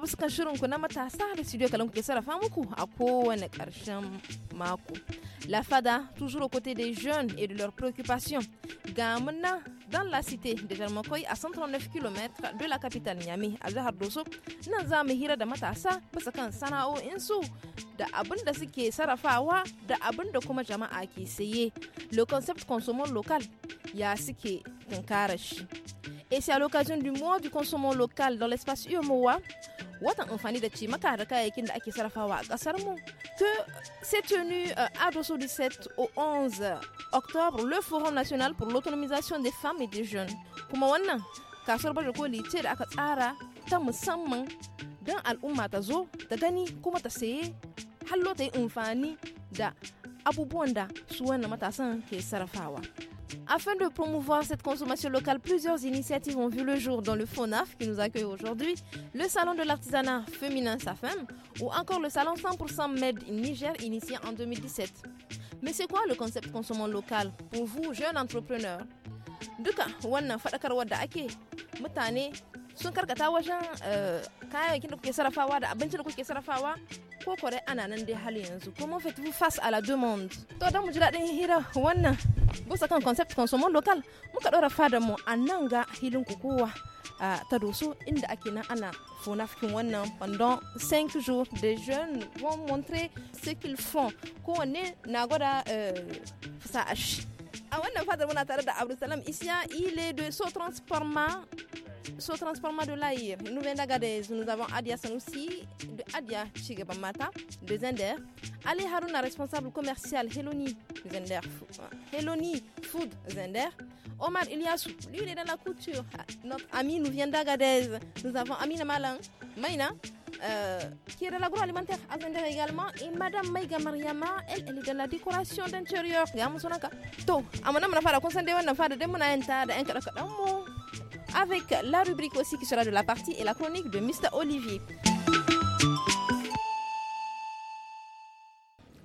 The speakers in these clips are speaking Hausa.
matasa ba kan shirin ku na matasa da studio kalanku ke sarrafa muku a kowane ƙarshen mako. La FADA, toujours aux côtés des jeunes et de leurs préoccupations. Gamna, dans la cité de Jarmakoy, à 139 km de la capitale Niamey, a jihar Doso, nan za mu hira da matasa bisa kan da abin da suke sarrafawa da abin da kuma jama'a ke saye. Le concept consommant local ya suke tunkarar shi. Et c'est à l'occasion du mois du consommant local dans l'espace UMOA watan amfani da cimaka da kayayyakin da ake sarrafawa a kasar mu que s'est tenu euh, à Dosso du 7 au 11 octobre le forum national pour l'autonomisation des femmes et des jeunes kuma wannan kasuwar baje koli ce da aka tsara ta musamman don al'umma ta zo ta gani kuma ta saye hallo ta yi amfani da abubuwan da su wannan matasan ke sarrafawa afin de promouvoir cette consommation locale, plusieurs initiatives ont vu le jour, dans le FONAF qui nous accueille aujourd'hui, le Salon de l'artisanat féminin SAFEM ou encore le Salon 100% Made Niger initié en 2017. Mais c'est quoi le concept consommant local pour vous, jeunes entrepreneurs ko kore ana nan dai hali yanzu comment faites-vous face à la demande to dan mu jira dadin hira wannan busa kan concept consommant local muka dora fadar mu a nan hilin ku kowa a ta doso inda ake nan ana funafikin wannan pendant 5 jours des jeunes vont montrer ce qu'ils font kowanne na nagoda eh, fasa'a a wannan fadar muna tare da abdulsalam isiya ile de so transformant So Transforma de l'air nous venons d'Agadez nous avons Adia Sanoussi, de Adia Chigabamata, de Zender. Ali Haruna, responsable commercial Heloni Zender, Heloni Food Zender. Omar Ilias, lui il est dans la couture. Notre ami nous vient d'Agadez. Nous avons Amina Malin Maïna, qui est dans l'agroalimentaire à Zender également. Et Madame Maïga Mariama, elle, est dans la décoration d'intérieur. To, amana mana fara kun san dai fara dai muna yin avec la rubrique aussi qui sera de la partie et la chronique de Mr. Olivier.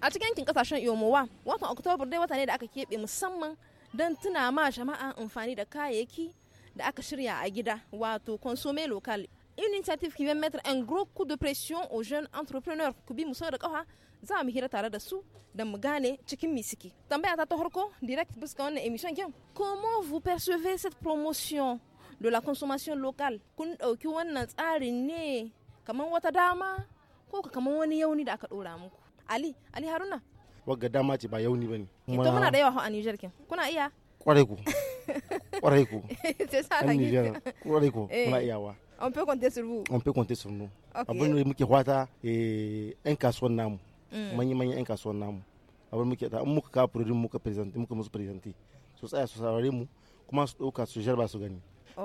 a cikin yankin kasashen yomowa watan oktoba dai wata ne da aka keɓe musamman don tuna ma jama'a amfani da kayayyaki da aka shirya a gida wato consomme local une initiative qui va mettre un gros coup de pression aux jeunes entrepreneurs ku bi muso da kafa za mu hira tare da su da mu gane cikin mi misiki tambaya ta ta harko direct bisa wannan emission kin comment vous percevez cette promotion de la consommation locale. kun ɗauki wannan tsarin ne kamar wata dama ko kamar wani yauni da aka ɗora muku ali ali haruna wagga dama ce ba yauni ba ne eh, to muna da yawa a niger kin kuna iya kwarai ku kwarai ku eh, an nijar kwarai ku eh. muna iyawa on peut compter sur vous on peut compter sur nous abin da muke hwata yan kasuwan namu Manya mm. manya yan kasuwan namu abin muke ta an muka kawo fururin muka present muka musu presenti su tsaya su saurare mu kuma su ɗauka su jarba su gani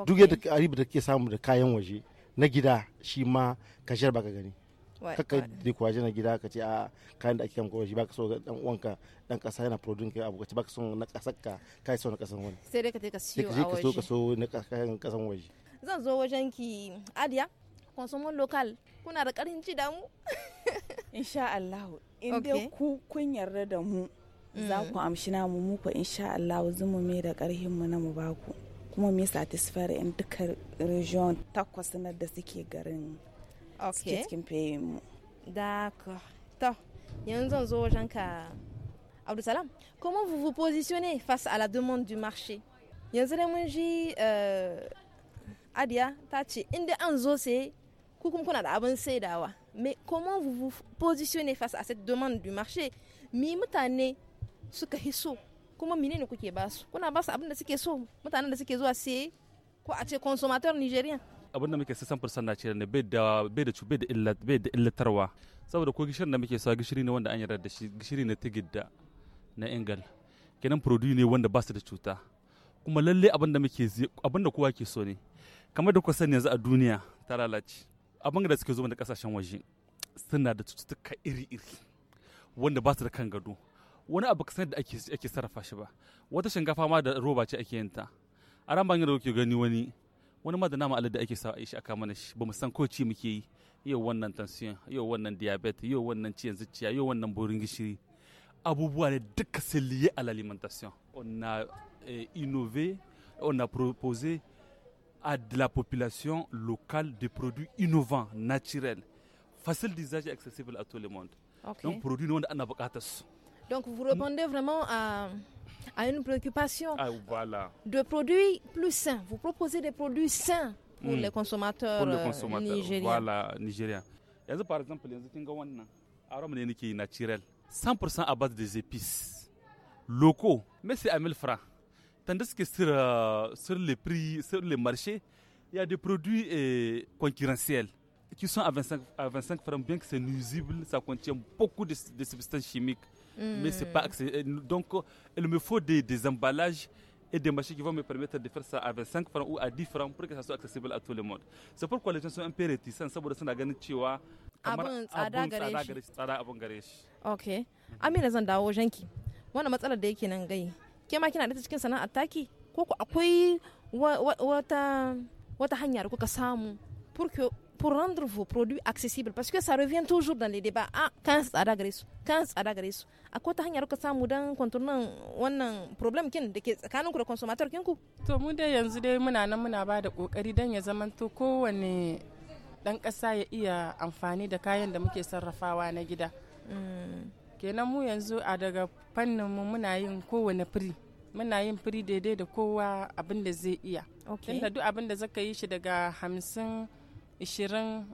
duk yadda riba da ke samu da kayan waje na gida shi ma ka ba ka gani kakka da kwaje na gida ka ce a kayan da ake kan waje baka so ga dan uwanka dan kasa yana produce kai abu baka so na kasar ka kai so na kasar wani sai dai ka je ka siyo a waje ka so na kayan kasar waje zan zo wajen ki adiya consumer local kuna da karin ci da mu insha Allah in ku kun yarda da mu za mm. ku amshi namu muku insha Allah zumu me da karhin mu na mu baku kuma mu yi in 'yan duka region takwas na da suke garin suke cikin fayin mu. to yanzu zo wajen ka Abdusalam, comment vous vous positionnez face à la demande du marché Yanzu dai mun ji eh, Adia ta ce inda an zo sai ku kuma kuna da abin saidawa. Mais comment vous vous positionnez face à cette demande du marché? Mi mutane suka hiso kuma menene kuke basu kuna basu abin da suke so mutanen da suke zuwa siye ko a ce consommateur nigerian abin da muke sisan fursan na ce ne bai da bai da bai da illa bai da illatarwa saboda ko gishirin da muke sa gishiri ne wanda an yarda da shi gishiri ne tigidda na ingal kenan produce ne wanda ba su da cuta kuma lalle abin da muke abin da kowa ke so ne kamar da kuka sani yanzu a duniya ta lalace abin da suke zo da kasashen waje suna da cututtuka iri-iri wanda ba su da kan gado wani abu kasan da ake sarrafa shi ba wata shinkafa ma da roba ce ake yin a ran da kuke gani wani wani ma da nama alada ake sa a shi aka mana shi bamu san ko ci muke yi yau wannan tansiyon yau wannan diabetes yau wannan ciyan zuciya yau wannan borin gishiri abubuwa ne duka c'est a l'alimentation on a eh, innové on a proposé à de la population locale des produits innovants naturels facile d'usage et accessible à tout le monde okay. donc produits ne wanda ana bukatar donc vous répondez vraiment à, une préoccupation ah, de produits plus sains. Vous proposez des produits sains pour hmm. les euh, consommateurs nigériens. Voilà, nigériens. par exemple, les arômes 100% à base des épices locaux, mais c'est à 1000 francs. Tandis que euh, sur, les prix, sur les marchés, il y a des produits euh, concurrentiels qui sont à 25, à 25 francs, bien que c'est nuisible, ça contient beaucoup de substances chimiques mais c'est pas hmm. accès. Donc, il me faut des, des, emballages et des machines qui vont me permettre de faire ça à 25 francs ou à 10 francs pour que ça soit accessible à tout le monde. C'est pourquoi les gens sont un peu réticents, saboda suna ah ah ganin cewa abun tsada gare shi. Tsada abun gare Ok. Amina zan dawo janki. Wannan matsalar da yake nan gai. Ke ma kina da cikin sana'ar taki? Ko ku akwai wata wata hanya da kuka samu? Pour que pour rendre vos produits accessibles parce que ça revient toujours dans les débats ah kan tsada gare akwai ta hanyar ka samu dan kwantunan wannan problem kin da ke tsakanin ku da consumator kinku to mu dai yanzu dai muna nan muna ba da kokari dan ya zamanto kowane dan kasa ya iya amfani da kayan da muke sarrafawa na gida kenan mu yanzu a daga fannin mu muna yin kowanne firi muna yin firi daidai da kowa abin da zai iya tunda duk abin da zaka yi shi daga hamsin Ishirin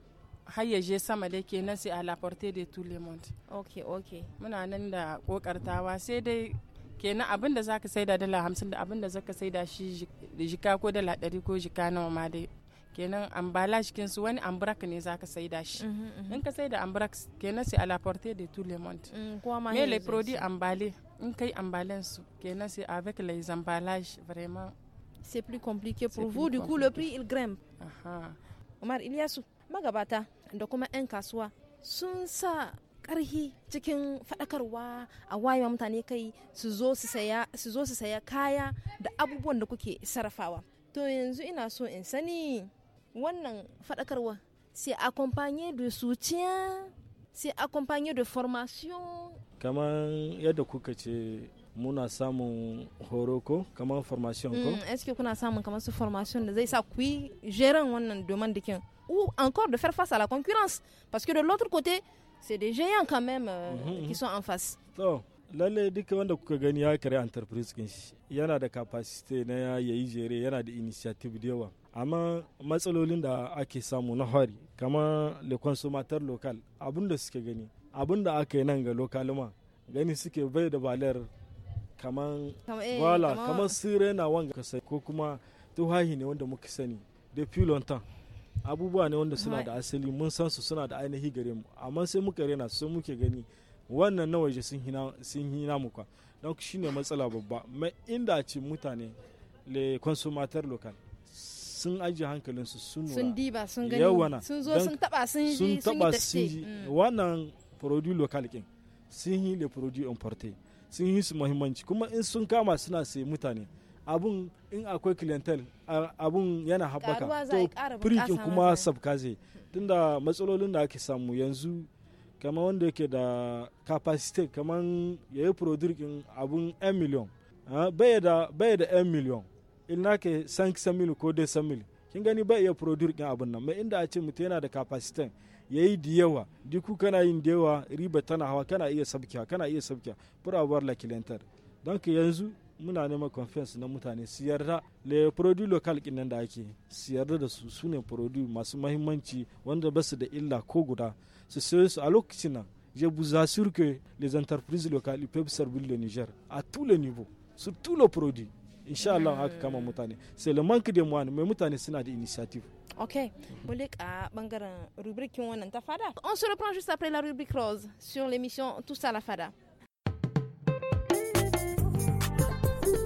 hayyaje sama da ke nan sai a la porte de tout le monde ok ok muna nan da kokartawa sai dai kenan abin da zaka saida dala hamsin da abin da zaka saida shi jika ko dala ɗari ko jika nawa ma dai kenan ambala cikin su wani ambrak ne zaka saida shi mhm, mhm. in ka saida ambrak kenan sai a la porte de tout le monde mm, Me le produit emballés in kai ambalen su kenan sai avec les emballages vraiment c'est plus compliqué pour vous du coup le prix il grimpe Umar Ilyasu magabata da kuma 'yan kasuwa sun sa karhi cikin fadakarwa a wayewa mutane kai su zo su saya kaya da abubuwan da kuke sarrafawa. To yanzu ina so in sani wannan faɗakarwa sai accompagné da soutien sai accompagné da formation. Kamar yadda kuka ce muna formation mm, est-ce que kuna avez kamar su formation de zai sa ou encore de faire face à la concurrence parce que de l'autre côté c'est des géants quand même euh, mm-hmm, mm-hmm. qui sont en face to lalle duka wanda kuka gani ya kare entreprise kin shi yana da capacity na ya jere yana da initiative da amma matsalolin da ake samu na hari kama le consommateur local abunda suke gani abunda aka nan ga de gani suke bai da kaman wala kaman eh, sire na wanga kasai ko kuma tuhahi ne wanda muka sani da filontan abubuwa ne wanda suna da asali mun san su suna da ainihi gare mu amma sai muka rena sai muke gani wannan na waje sun hina mu kwa don shi ne matsala babba ma inda ce mutane le consumer local sun ajiye hankalinsu sun sun diba sun gani yawana sun zo sun taba sun ji sun taba sun ji mm. wannan produit local kin sun yi le produit importé sun yi su muhimmanci kuma in sun kama suna sai mutane abun in akwai clientele abun yana haɓaka to firikin kuma sabka zai tunda matsalolin da ake samu yanzu kamar wanda yake da capacity kamar ya yi produkin abun 1 miliyon bai da 1 miliyon ina ke 5 mil ko 10 mil kin gani bai iya produkin abun nan mai inda a ce mutu yana da capacity ya yi da yawa duk kana yin da yawa riba tana hawa kana iya sabkiya kana iya sabkiya furabuwar lakilantar don ka yanzu muna neman confiance na mutane siyar da le produit local kinan da ake siyar da su su ne produit masu mahimmanci wanda ba su da illa ko guda su sayo su a lokacin nan je vous assure que les entreprises locales peuvent servir le Niger à tous les niveaux sur tous les produits haka kama mutane c'est le manque de moyens mais mutane suna da initiative Ok. On se reprend juste après la rubrique rose sur l'émission Tout ça la fada.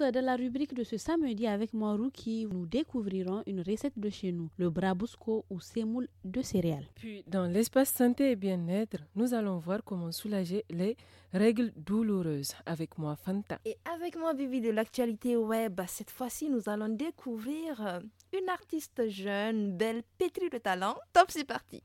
dans de la rubrique de ce samedi avec moi, qui Nous découvrirons une recette de chez nous, le brabusco ou semoule de céréales. Puis, dans l'espace santé et bien-être, nous allons voir comment soulager les règles douloureuses. Avec moi, Fanta. Et avec moi, Bibi de l'actualité web. Cette fois-ci, nous allons découvrir euh, une artiste jeune, belle, pétrie de talent. Top, c'est parti.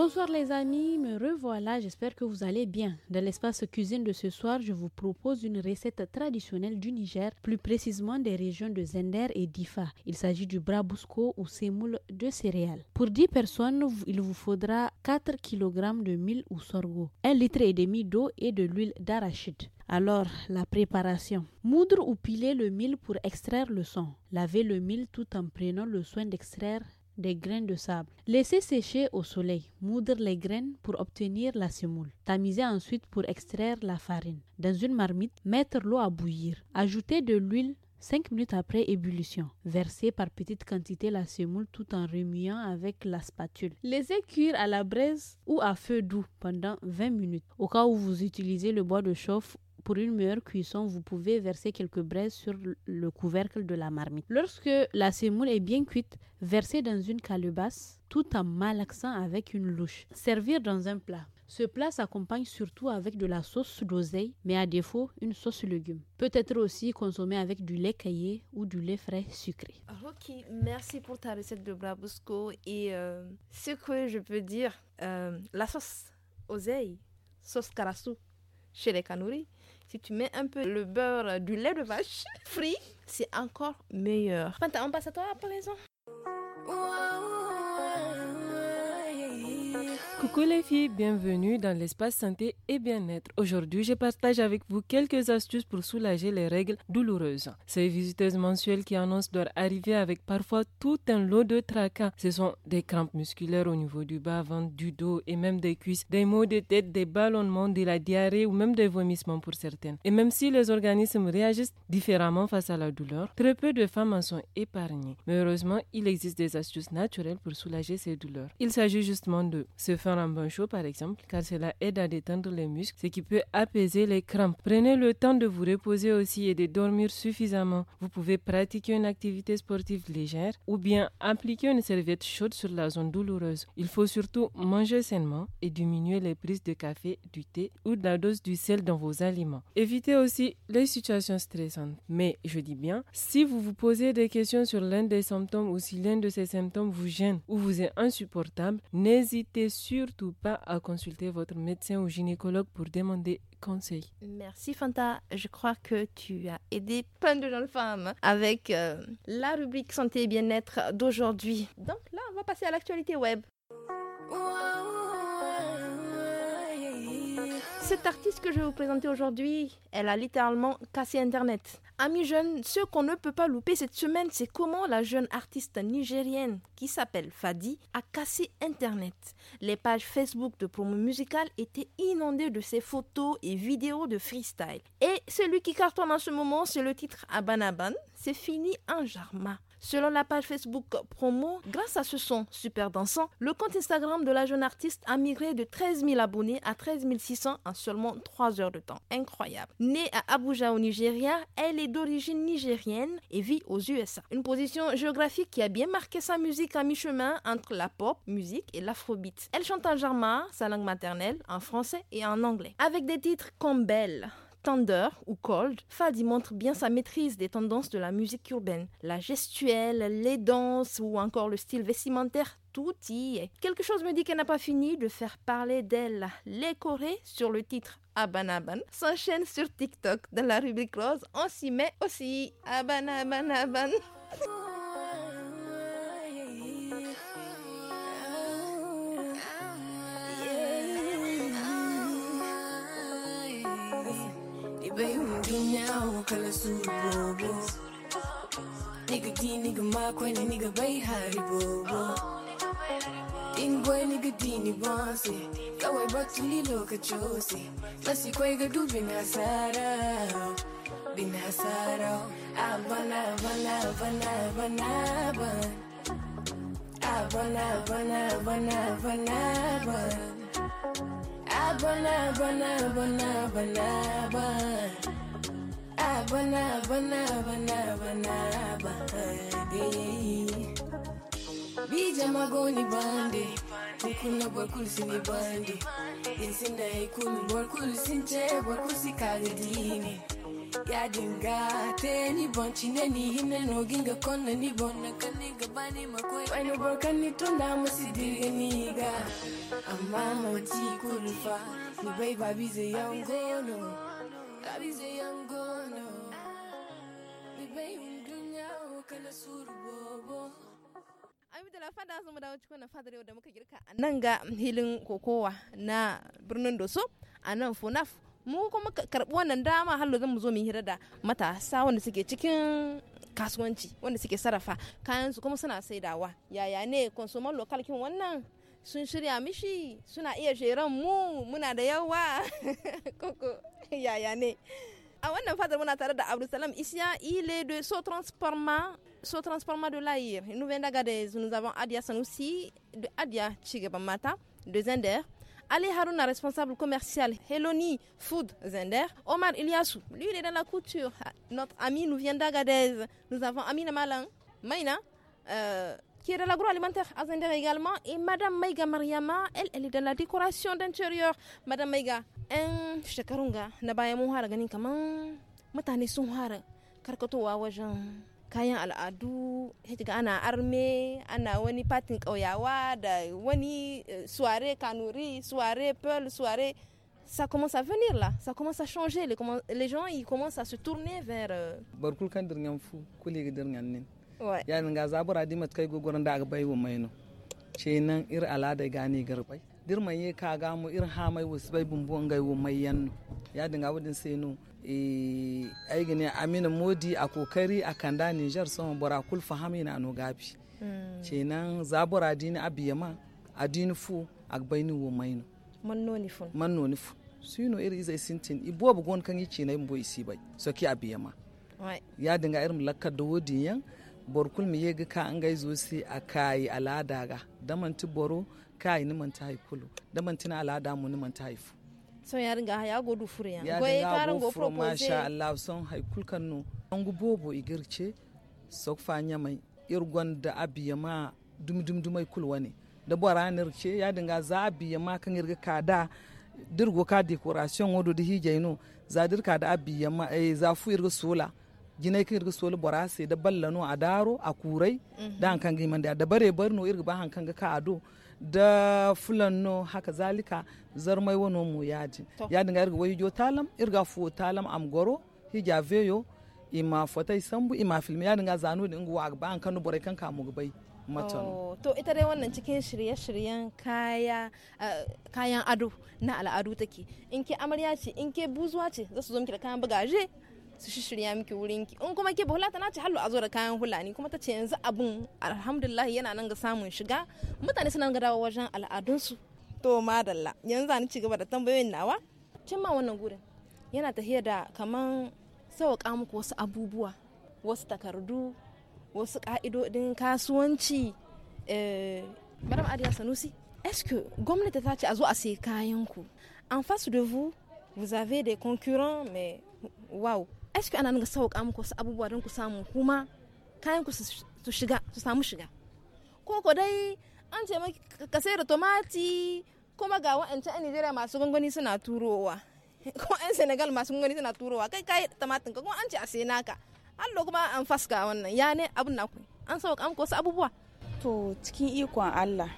Bonsoir les amis, me revoilà, j'espère que vous allez bien. Dans l'espace cuisine de ce soir, je vous propose une recette traditionnelle du Niger, plus précisément des régions de Zender et d'Ifa. Il s'agit du brabusco ou semoule de céréales. Pour 10 personnes, il vous faudra 4 kg de mil ou sorgho, 1 litre et demi d'eau et de l'huile d'arachide. Alors, la préparation. Moudre ou piler le mil pour extraire le sang. Laver le mil tout en prenant le soin d'extraire des graines de sable. Laissez sécher au soleil, moudre les graines pour obtenir la semoule. Tamiser ensuite pour extraire la farine. Dans une marmite, mettre l'eau à bouillir. Ajoutez de l'huile 5 minutes après ébullition. Versez par petites quantités la semoule tout en remuant avec la spatule. Laissez cuire à la braise ou à feu doux pendant 20 minutes. Au cas où vous utilisez le bois de chauffe pour une meilleure cuisson, vous pouvez verser quelques braises sur le couvercle de la marmite. Lorsque la semoule est bien cuite, versez dans une calebasse tout en malaxant avec une louche. Servir dans un plat. Ce plat s'accompagne surtout avec de la sauce d'oseille, mais à défaut, une sauce légumes. Peut être aussi consommé avec du lait caillé ou du lait frais sucré. Ok, merci pour ta recette de Brabusco. Et euh, ce que je peux dire, euh, la sauce oseille, sauce carassou chez les canouris, si tu mets un peu le beurre du lait de vache frit, c'est encore meilleur. On passe à toi, par Coucou les filles, bienvenue dans l'espace santé et bien-être. Aujourd'hui, je partage avec vous quelques astuces pour soulager les règles douloureuses. Ces visiteuses mensuelles qui annoncent leur arrivée avec parfois tout un lot de tracas. Ce sont des crampes musculaires au niveau du bas-ventre, du dos et même des cuisses, des maux de tête, des ballonnements, de la diarrhée ou même des vomissements pour certaines. Et même si les organismes réagissent différemment face à la douleur, très peu de femmes en sont épargnées. Mais heureusement, il existe des astuces naturelles pour soulager ces douleurs. Il s'agit justement de se faire un bain chaud par exemple, car cela aide à détendre les muscles, ce qui peut apaiser les crampes. Prenez le temps de vous reposer aussi et de dormir suffisamment. Vous pouvez pratiquer une activité sportive légère ou bien appliquer une serviette chaude sur la zone douloureuse. Il faut surtout manger sainement et diminuer les prises de café, du thé ou de la dose du sel dans vos aliments. Évitez aussi les situations stressantes. Mais je dis bien, si vous vous posez des questions sur l'un des symptômes ou si l'un de ces symptômes vous gêne ou vous est insupportable, n'hésitez surtout surtout pas à consulter votre médecin ou gynécologue pour demander conseil. Merci Fanta, je crois que tu as aidé plein de jeunes femmes avec euh, la rubrique santé et bien-être d'aujourd'hui. Donc là, on va passer à l'actualité web. Cette artiste que je vais vous présenter aujourd'hui, elle a littéralement cassé Internet. Amis jeunes, ce qu'on ne peut pas louper cette semaine, c'est comment la jeune artiste nigérienne qui s'appelle Fadi a cassé Internet. Les pages Facebook de promo musicale étaient inondées de ses photos et vidéos de freestyle. Et celui qui cartonne en ce moment, c'est le titre Abanaban. C'est fini en jarma. Selon la page Facebook Promo, grâce à ce son super dansant, le compte Instagram de la jeune artiste a migré de 13 000 abonnés à 13 600 en seulement 3 heures de temps. Incroyable. Née à Abuja au Nigeria, elle est d'origine nigérienne et vit aux USA. Une position géographique qui a bien marqué sa musique à mi-chemin entre la pop musique et l'afrobeat. Elle chante en jarma, sa langue maternelle, en français et en anglais. Avec des titres comme Belle, Tender ou Cold, Fadi montre bien sa maîtrise des tendances de la musique urbaine. La gestuelle, les danses ou encore le style vestimentaire, tout y est. Quelque chose me dit qu'elle n'a pas fini de faire parler d'elle. Les Corées sur le titre Abanaban, s'enchaînent sur TikTok. Dans la rubrique rose, on s'y met aussi. Aban Aban. Baby, we do now, kala su Nigga di nigga ma kwani nigga bay hari bobo In boy nigga di ni bonsi Kawai batu lilo kachosi Nasi kwai gadu bin hasara Bin hasara abana, abana, abana, aban, Abana, abana, abana, abana, aban, aban, aban Abba, Abba, Abba, Abba, Abba. Abba, Abba, Abba, Abba, Abba. Bija magoni bande, kukuna bor kulsini bande. Insinda ikunu bor kulsinche, bor kusikagedini. Ya yajinga te ni bon ne ni hine no ginga konna ni bon na kanne gabani makoi wani borkan ni da musu dirgani ga amma moti kulfa ni bai babi zai yango gono, babi zai yango gono. ni bai hundunya kana suru bobo Ami da lafa da mu dawo na fadar yau da muka girka a nan ga hilin kokowa na birnin Doso a nan FUNAF mu kuma karɓi wannan dama har zan mu zo mu hira da matasa wanda suke cikin kasuwanci wanda suke sarrafa kayan su kuma suna saidawa yaya ne consumer local kin wannan sun shirya mishi suna iya sheran mu muna da yawa koko yaya ne a wannan fadar muna tare da abdulsalam isya ile de so transforma so transforma de l'air nous venons d'agades nous avons adia sanusi de adia mata de zender Ali Haruna, responsable commercial Heloni Food Zender. Omar Iliassou, lui, il est dans la couture. Ah, notre ami nous vient d'Agadez. Nous avons Amina Malin, Maïna, euh, qui est dans l'agroalimentaire à Zender également. Et Madame Maïga Mariama, elle, elle est dans la décoration d'intérieur. Madame Maïga, un hein, shekarunga, nabaya muhara ganin kaman, mutane sun hara, karkatowa wajen kayan al'adu ga ana arme ana wani fatin ƙauyawa da wani eh, suware kanuri suware pearl suware ça commence à venir là ça commence à changer les, les gens ils commencent à se tourner vers euh, barkul kan dir fu kuli dir dirngan nin ya nga zabura di mat kai gogoran da ga bai wa maino ce nan ir alada gani garbai dirman ye ka ga mu ir ha mai wasu bai bumbu an gai wumai yanno ya dinga wudin sai nu e ai gine amina modi a kokari a kanda niger son bora kul fahamina hmm. no gabi kenan zabura dini abiyama adini fu agbaini wo Man noni fu su fu suino iri izai sintin ibo bu kan yi yake na imbo isi bai soki abiyama ya dinga irin lakar da wodin yan borkul mi yega ka an gai zo si kayi al'ada daman ti boro kai ni man tai kulu da man tina ala da mu ni man tai fu son ya ringa ya godu furiya ya goye karan go propose masha Allah son hay kul kanno an gu igirce sok fa nyamai irgon da abiya ma dum dum dumai kul wani da boranir ce ya dinga za abiya ma kan irga kada dirgo ka decoration wodo da hijaino za dirka da abiya ma eh, za fu irga sola jinai kan irga soli borase da ballano a daro a kurai mhm. da hankan ga da bare barno irga ba kan ga ka ado da fulano haka zalika zarmai wano mu yaji yadin ga irga wajo talam irga fu talam am goro hija veyo ima fotai sambu ima filmi yadin ga zanu dinga wa ba an kanu bore kan kamu gubai matan. to ita dai wannan cikin shirye-shiryen kaya eh, kayan ado na al'adu take. In ke amarya ce, in ke buzuwa ce, za su zo miki da kayan bagaje su shirya miki wurin ki in kuma ke bahula tana ce hallo a zo da kayan hula ni kuma ta ce yanzu abun alhamdulillah yana nan ga samun shiga mutane suna ga dawo wajen al'adunsu to madalla yanzu an ci gaba da tambayoyin nawa cin ma wannan gurin yana tafiya da kaman sauƙa muku wasu abubuwa wasu takardu wasu ka'idodin kasuwanci eh, madam adiya sanusi est gwamnati ta ce a zo a sai kayan ku en face de vous vous avez des concurrents mais waouh aiki ana nan ga sauƙa muku wasu abubuwa don ku samu kuma kayan ku su shiga su samu shiga ko ko dai an ce maki ka sayar da tomati kuma ga wa'ancan a Nigeria masu gangani suna turowa ko an Senegal masu gangani suna turowa kai kai tomatin ka kuma an ce a sai naka allo kuma an faska wannan ya ne abin ku an sauƙa muku wasu abubuwa to cikin ikon Allah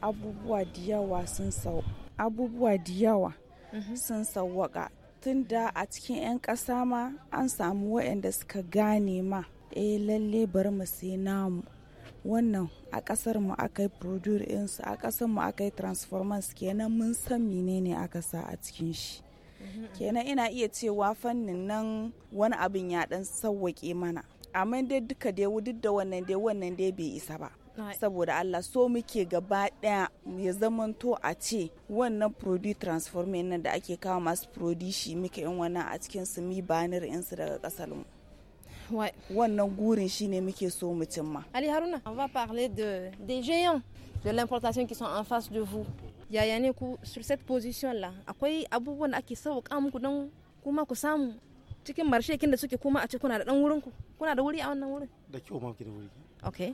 abubuwa da yawa sun sau abubuwa da yawa mhm. sun sauwaka da a cikin 'yan ƙasa ma an samu waɗanda suka gane ma eh lalle bari mu sai namu wannan a ƙasar mu aka yi ɗinsu a ƙasar mu aka yi transformers kenan mun san menene aka sa a cikin shi kenan ina iya cewa fannin nan wani abin ya ɗan sawwaƙe mana amma dai duka dai duk da wannan dai wannan dai bai isa ba saboda Allah so muke gaba daya ya zamanto a ce wannan produce transformer nan da ake kawo masu produce shi muke yin wannan a cikin su mi banir insu daga kasar mu wannan gurin shi ne muke so mu cimma Ali Haruna on va parler de des géants de l'importation qui sont en face de vous yaya ne ku sur cette position là akwai abubuwan da ake sauka muku dan kuma ku samu cikin kin da suke kuma a ce kuna da dan wurin ku kuna da wuri a wannan wurin da kyau ma da wuri Eh,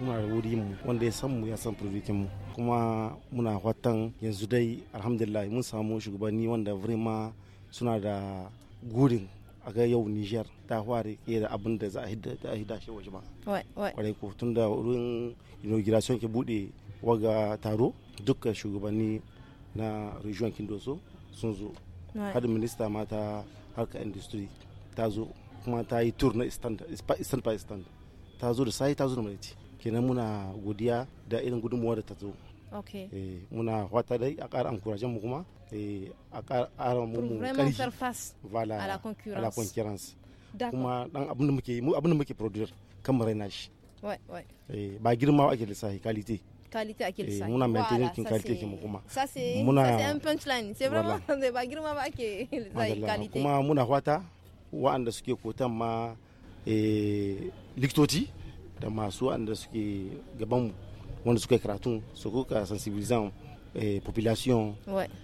muna da wuri mu wanda ya san mu ya san firzikin mu kuma muna fatan yanzu dai alhamdulillah mun samu shugabanni wanda vrima suna da gurin a ga yau Niger ta ke da abin da za a hidda shi waje ba. Kwarai ko tun da wurin inauguration ke bude waga taro dukkan shugabanni na region Kindoso sun zo. Har minista mata harkar harka industry ta zo kuma ta yi tour na stand by stand. ta zo da sai ta zo da maraice kenan muna godiya da irin gudunmuwa da ta zo okay. eh, muna fata dai a ƙara ankurajen mu kuma eh, a ƙara mu mu ƙarfi vala a la concurrence kuma dan abin da muke mu abin da muke producer kan mu raina shi eh, ba girma ake lissafi kalite qualité ake quel eh, sac. muna amitié kin kalite qui mu kuma. sa se muna... c'est un punchline. C'est ba voilà. ba girma ba ake kalite Kuma muna hwata wa'anda suke kotan ma eh likitoci da masu wanda suke gabanmu wanda suka karatu su kuka sensibilizan eh, population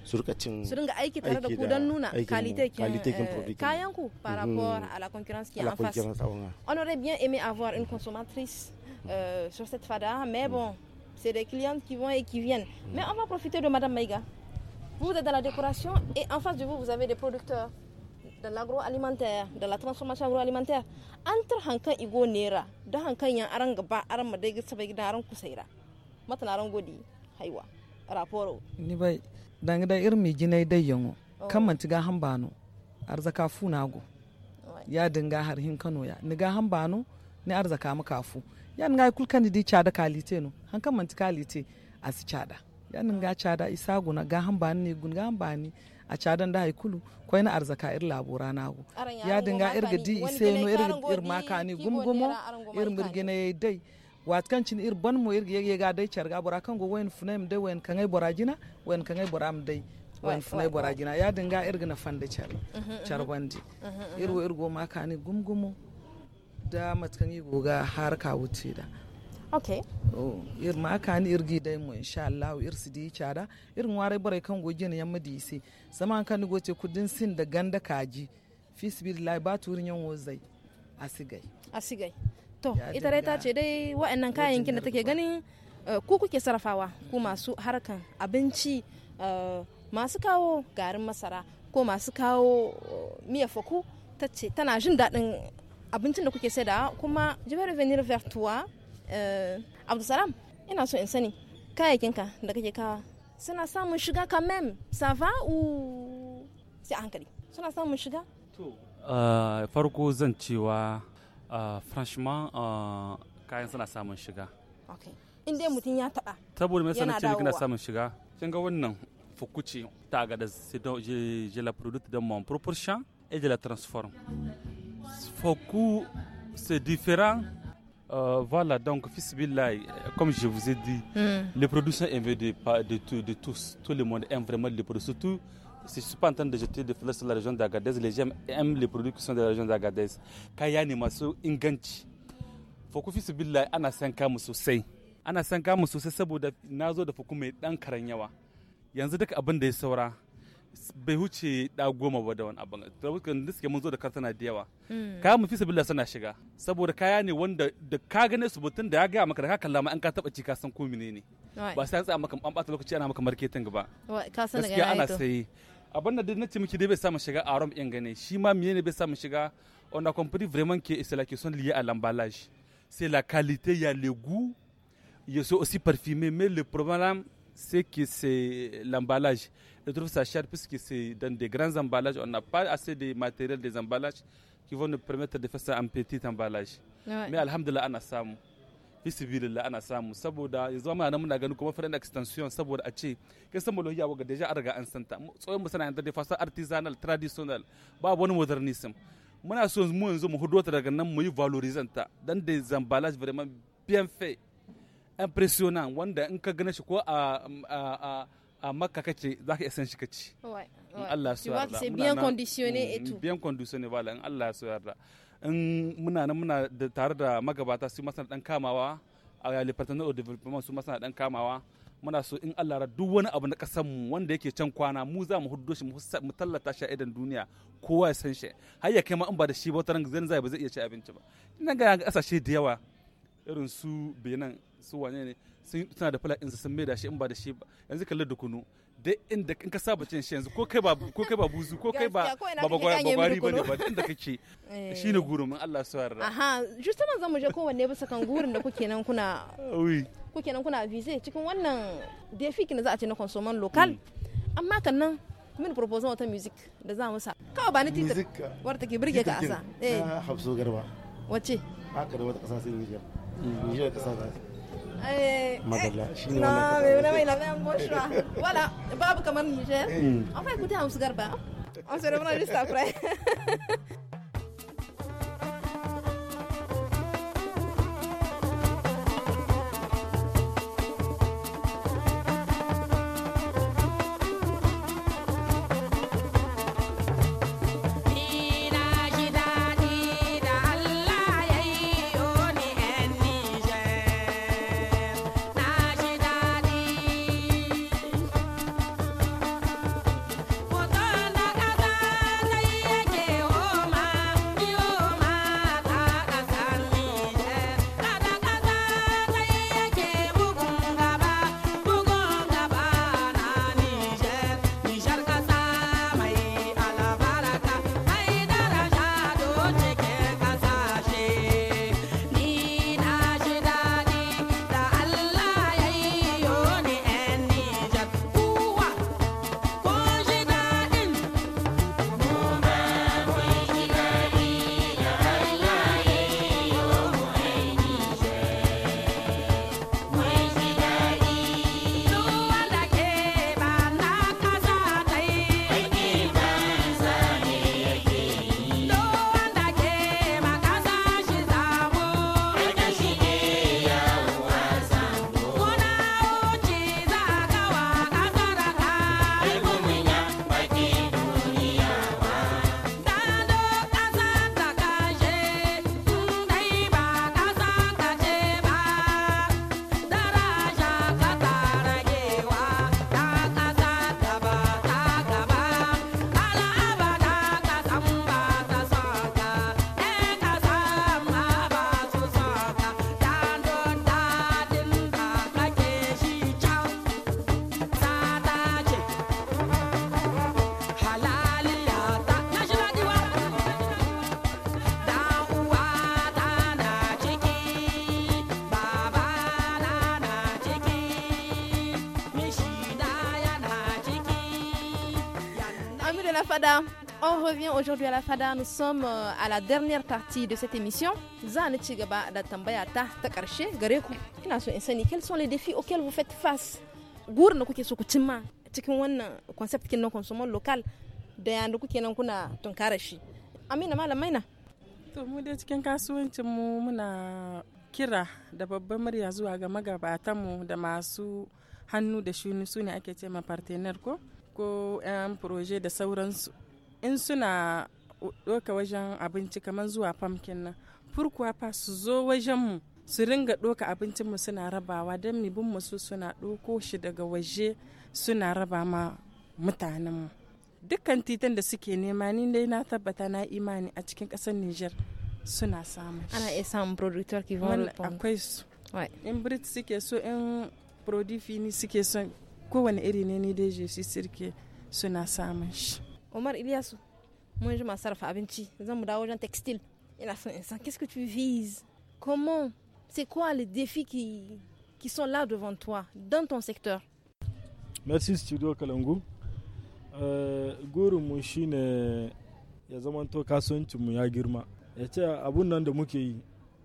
su rika cin su ringa aiki tare da ku don nuna kalitekin kayan ku par mhm. rapport à la concurrence qui est en face ah on aurait bien aimé avoir une consommatrice euh, sur cette fada mais mhm. bon c'est des clientes qui vont et qui viennent mhm. mais on va profiter de madame Maïga vous êtes dans la décoration et en face de vous vous avez des producteurs da l'agroalimentaire da la transformation agroalimentaire an tar hankan igo nera da hankan yan aran gaba aran ma dai sabai gidan aran kusaira mata aran godi haiwa raporo ni bai dan da irin mi ginai dai yango oh. kan man han bano arzaka go ya dinga har hin Kano ya han bano ni arzaka mu kafu ya ga kulkan di chada kalite no hankan man tikalite asi chada ya ga chada go na ga hambani ne gun ga bani a cadan da haikulu kwai na arzaka ir labura nago ya dinga irga di isenu ir ir makani gumgumo ir mirgine dai watkan cin ir banmo ir yega dai carga bora kan go wen funem dai wen kangai borajina wen kangai boram dai wan funai bora gina ya dinga irga na fanda car mhm, mhm, mhm. car bandi irwo irgo makani gumgumo da matkan yi goga har ka wuce da okay oh ir ma ni irgi dai mu insha Allah ir su di kyara irin ware bare kan ne yamma di se zaman kan goce kudin sin da ganda kaji fisbillah ba turin yan wozai asigai asigai to ita dai ta ce dai wa'annan kayan kin da take gani eh, ku kuke sarrafawa ku masu harkan abinci eh, masu kawo garin masara ko masu kawo eh, miya faku tace tana jin daɗin abincin da kuke sai kuma jibar venir vertuwa Eh, abdulsalam ina so in sani kayayyakinka da kake kawa suna samun shiga safa u sai hankali suna samun shiga to eh, farko zan cewa eh, franchement kayan suna samun shiga in dai mutum ya taɓa saboda mai sanar cewa kina samun shiga kin ga wannan fukuci ta ga da je la produit de mon proportion et de la transforme foku c'est différent Euh, voilà, donc, euh, comme je vous ai dit, mm. les produits sont aimés de, de, tous. Tout le monde aime vraiment les produits. Surtout, si je ne suis pas en train de jeter des fleurs sur la région d'Agadez, les gens aiment les produits qui sont de la région d'Agadez. Kayani Inganchi. ana sanka Ana sanka da bai huce da goma ba da wani abin tabbatukan da suke mun zo da kartana da yawa hmm. kaya mu fi sabilla sana shiga saboda kaya ne wanda da ka gane su butun da ya gaya maka da ka kalla ma an ka taba ci ka san ko menene ba sai an tsaya maka an bata lokaci ana maka marketing ba gaskiya ana sai abin da na ce miki dai bai samu shiga a rom in gane shi ma miye ne bai samu shiga on a compris vraiment que c'est la question liée à l'emballage c'est la qualité il y a le goût ils sont aussi parfumé mais le problème c'est que c'est l'emballage. Je trouve ça cher puisque c'est dans des grands emballages. On n'a pas assez de matériel des emballages qui vont nous permettre de faire ça en petit emballage. Mais alhamdulillah, ana samu. Bismillah ana samu saboda yanzu un homme muna ganin kuma une extension saboda a ce c'est san mu lohiya ga deja an riga an santa tsoyon mu sana da fasa artisanal traditional babu wani modernism muna so mu mu daga nan valorisé dan des emballages vraiment bien faits impressionnant wanda in ka gane shi ko a a makka kace za ka san shi kace in Allah su yarda c'est bien conditionné et mm, tout bien conditionné voilà in Allah su yarda in muna nan muna da tare da magabata su masana dan kamawa a partenaire au développement su masana dan kamawa muna so in Allah ra duk wani abu na kasan mu wanda yake can kwana mu za mu huddo shi mu tallata shi a idan duniya kowa ya san shi har ya kai ma in ba da shi ba wata ran zai ba zai iya ci abinci ba ina ga kasashe da yawa irin su Benin su wane ne suna da fala ɗinsa sun da shi in ba da shi ba yanzu kalli da kunu dai inda in ka saba cin shi yanzu ko kai ba ko kai ba buzu ko kai ba ba bagwari ba ne ba da inda kake eh. shine gurumin Allah su yarda aha justement zamu je kowanne bisa kan gurin da kuke nan kuna kuke nan kuna vise cikin wannan defi kin za a ce na konsoman local mm. amma kan nan min proposal wata music da za mu sa kawai ba ni titir warta ke ka asa eh ah, hafsu garba wace haka da wata kasa sai Niger mm. Niger kasa Eh, Allez! Eh, non, mais vraiment, il avait un bon choix. voilà, Bab Kamar Niger. Hmm. On va écouter Sgarba. On se reprend juste après. Fada, on revient aujourd'hui à la Fada. Nous sommes euh, à la dernière partie de cette émission. Zane Chigaba d'Atambaya ta Takarche Gareku. Quels sont les défis auxquels vous faites face Gourne Kuki Sukutima, Chikin concept qui est non consommant local, de Yandukuki Nankuna Tonkarashi. Amina Malamaina. To mu dai cikin kasuwancin mu muna kira da babban murya zuwa ga magabatanmu da masu hannu da shuni su ne ake ce ma partener ko? ko 'yan proje da sauransu in suna doka wajen abinci kamar zuwa famkin nan furkuwa fa su zo wajenmu su ringa ɗoka abincinmu suna rabawa don mibin musu suna doko shi daga waje suna raba ma mutanenmu dukkan titan da suke nema ni dai na tabbata na imani a cikin kasar niger suna samun ana iya samun producteur ki akwai su in brit suke so in prodifi ni suke son kowane iri ne ni dai je su sirke suna samun shi Omar Ilyasu mun ji masu sarrafa abinci zan mu dawo wajen textile ina son in san qu'est-ce que tu vises comment c'est quoi les défis qui qui sont là devant toi dans ton secteur Merci Studio Kalangu euh, Guru gurinmu shi ne ya zamanto mu ya girma ya ce abun nan da muke yi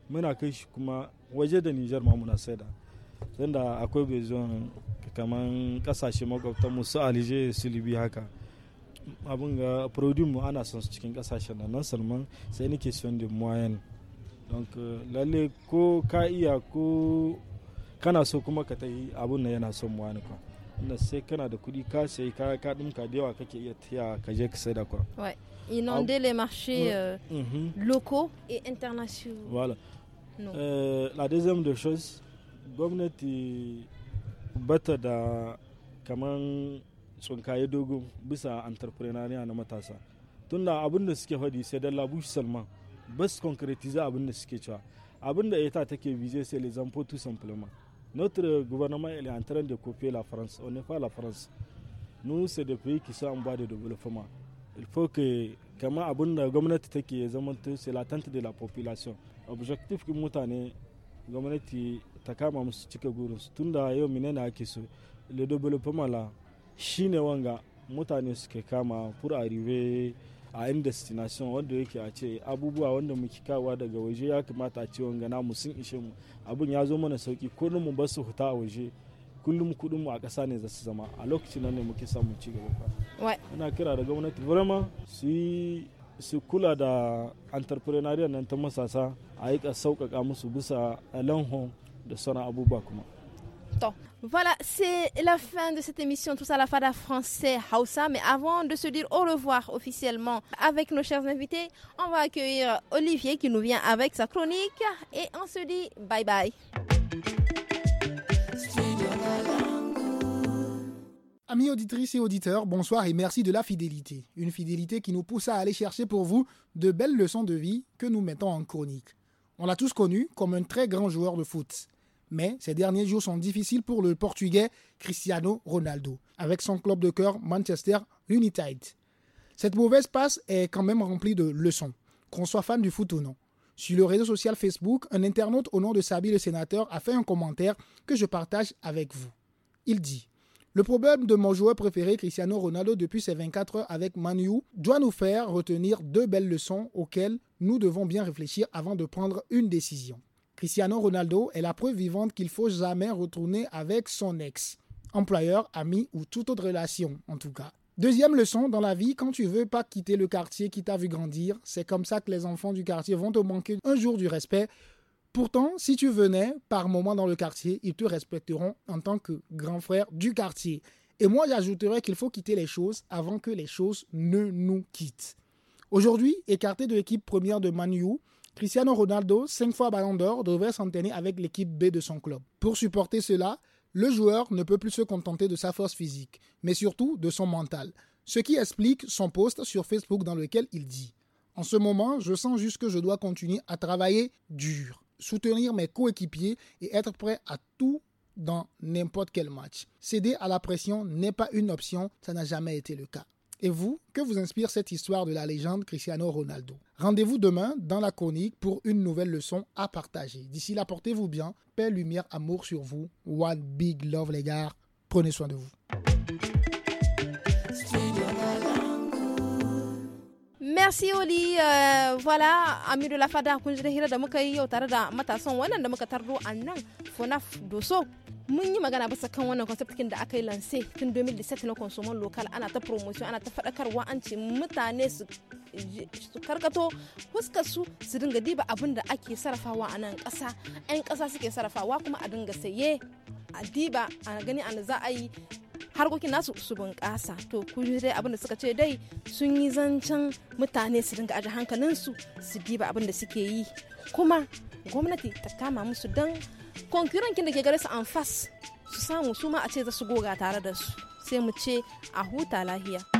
muna kai shi kuma waje da nijar ma muna saida tunda akwai bezuwan kamar kasashe makwabtan mu su alije su libi haka abin ga produce mu ana son su cikin kasashen nan salman sai nake son da moyen donc euh, lalle ko ka iya ko kana so kuma ka tai abun nan yana son moyen kwa inda sai kana da kuɗi ka sai ka ka dinka da yawa kake iya taya ka je ka sai saida kwa inonde les marchés euh, mhm. locaux et internationaux voilà euh, la deuxième de chose gwamnati bata da kaman tsunkaye dogon bisa entrepreneuria na matasa tunda abin da suke faɗi sai da labushi salman bas concretize abin da suke cewa abin da ita take vise sai les impôts tout simplement notre gouvernement il est en train de couper la France on n'est pas la France nous c'est des pays qui sont en voie de développement il faut que kama abin da gwamnati take ya zama c'est tente de la population objectif mutane gwamnati ta kama musu cika gurinsu tunda yau na ake so le development la shine wanga mutane suke kama pour arriver a in destination wanda yake a ce abubuwa wanda muke kawa daga waje ya kamata a ce wanga namu sun ishe mu abun ya zo mana sauki ko mu ba su huta a waje kullum kudin mu a ƙasa ne za su zama a lokacin nan ne muke samu ci gaba ina kira da gwamnati vraiment su su kula da entrepreneurial nan ta masasa a yi sauƙaƙa musu bisa lanhon de Voilà, c'est la fin de cette émission tout à la Fada français Hausa. Mais avant de se dire au revoir officiellement avec nos chers invités, on va accueillir Olivier qui nous vient avec sa chronique et on se dit bye bye. Amis auditrices et auditeurs, bonsoir et merci de la fidélité. Une fidélité qui nous pousse à aller chercher pour vous de belles leçons de vie que nous mettons en chronique. On l'a tous connu comme un très grand joueur de foot mais ces derniers jours sont difficiles pour le Portugais Cristiano Ronaldo, avec son club de cœur Manchester United. Cette mauvaise passe est quand même remplie de leçons, qu'on soit fan du foot ou non. Sur le réseau social Facebook, un internaute au nom de Sabi le sénateur a fait un commentaire que je partage avec vous. Il dit Le problème de mon joueur préféré Cristiano Ronaldo depuis ses 24 heures avec Manu doit nous faire retenir deux belles leçons auxquelles nous devons bien réfléchir avant de prendre une décision. Cristiano Ronaldo est la preuve vivante qu'il faut jamais retourner avec son ex, employeur, ami ou toute autre relation en tout cas. Deuxième leçon dans la vie, quand tu veux pas quitter le quartier qui t'a vu grandir, c'est comme ça que les enfants du quartier vont te manquer un jour du respect. Pourtant, si tu venais par moment dans le quartier, ils te respecteront en tant que grand frère du quartier. Et moi, j'ajouterais qu'il faut quitter les choses avant que les choses ne nous quittent. Aujourd'hui, écarté de l'équipe première de Manu, Cristiano Ronaldo, cinq fois Ballon d'Or, devrait s'entraîner avec l'équipe B de son club. Pour supporter cela, le joueur ne peut plus se contenter de sa force physique, mais surtout de son mental. Ce qui explique son post sur Facebook dans lequel il dit En ce moment, je sens juste que je dois continuer à travailler dur, soutenir mes coéquipiers et être prêt à tout dans n'importe quel match. Céder à la pression n'est pas une option, ça n'a jamais été le cas. Et vous, que vous inspire cette histoire de la légende Cristiano Ronaldo Rendez-vous demain dans la chronique pour une nouvelle leçon à partager. D'ici là, portez-vous bien. Paix, lumière, amour sur vous. One big love, les gars. Prenez soin de vous. merci oli euh, voilà ami de la fada mun yi magana bisa kan wannan concept da aka yi lanse tun 2017 na consumer local ana ta promotion ana ta faɗakarwa an ce mutane su su karkato fuskar su su dinga diba abin da ake sarrafawa a nan ƙasa 'yan ƙasa suke sarrafawa kuma a dinga saye a diba a gani an za a yi harkokin nasu su bunƙasa to ku dai abin da suka ce dai sun yi zancen mutane su dinga aji hankalinsu su diba abin da suke yi kuma gwamnati ta kama musu don konkiran kin da ke gare su an fas su samu su ma a ce za su goga tare da su sai mu ce a huta lahiya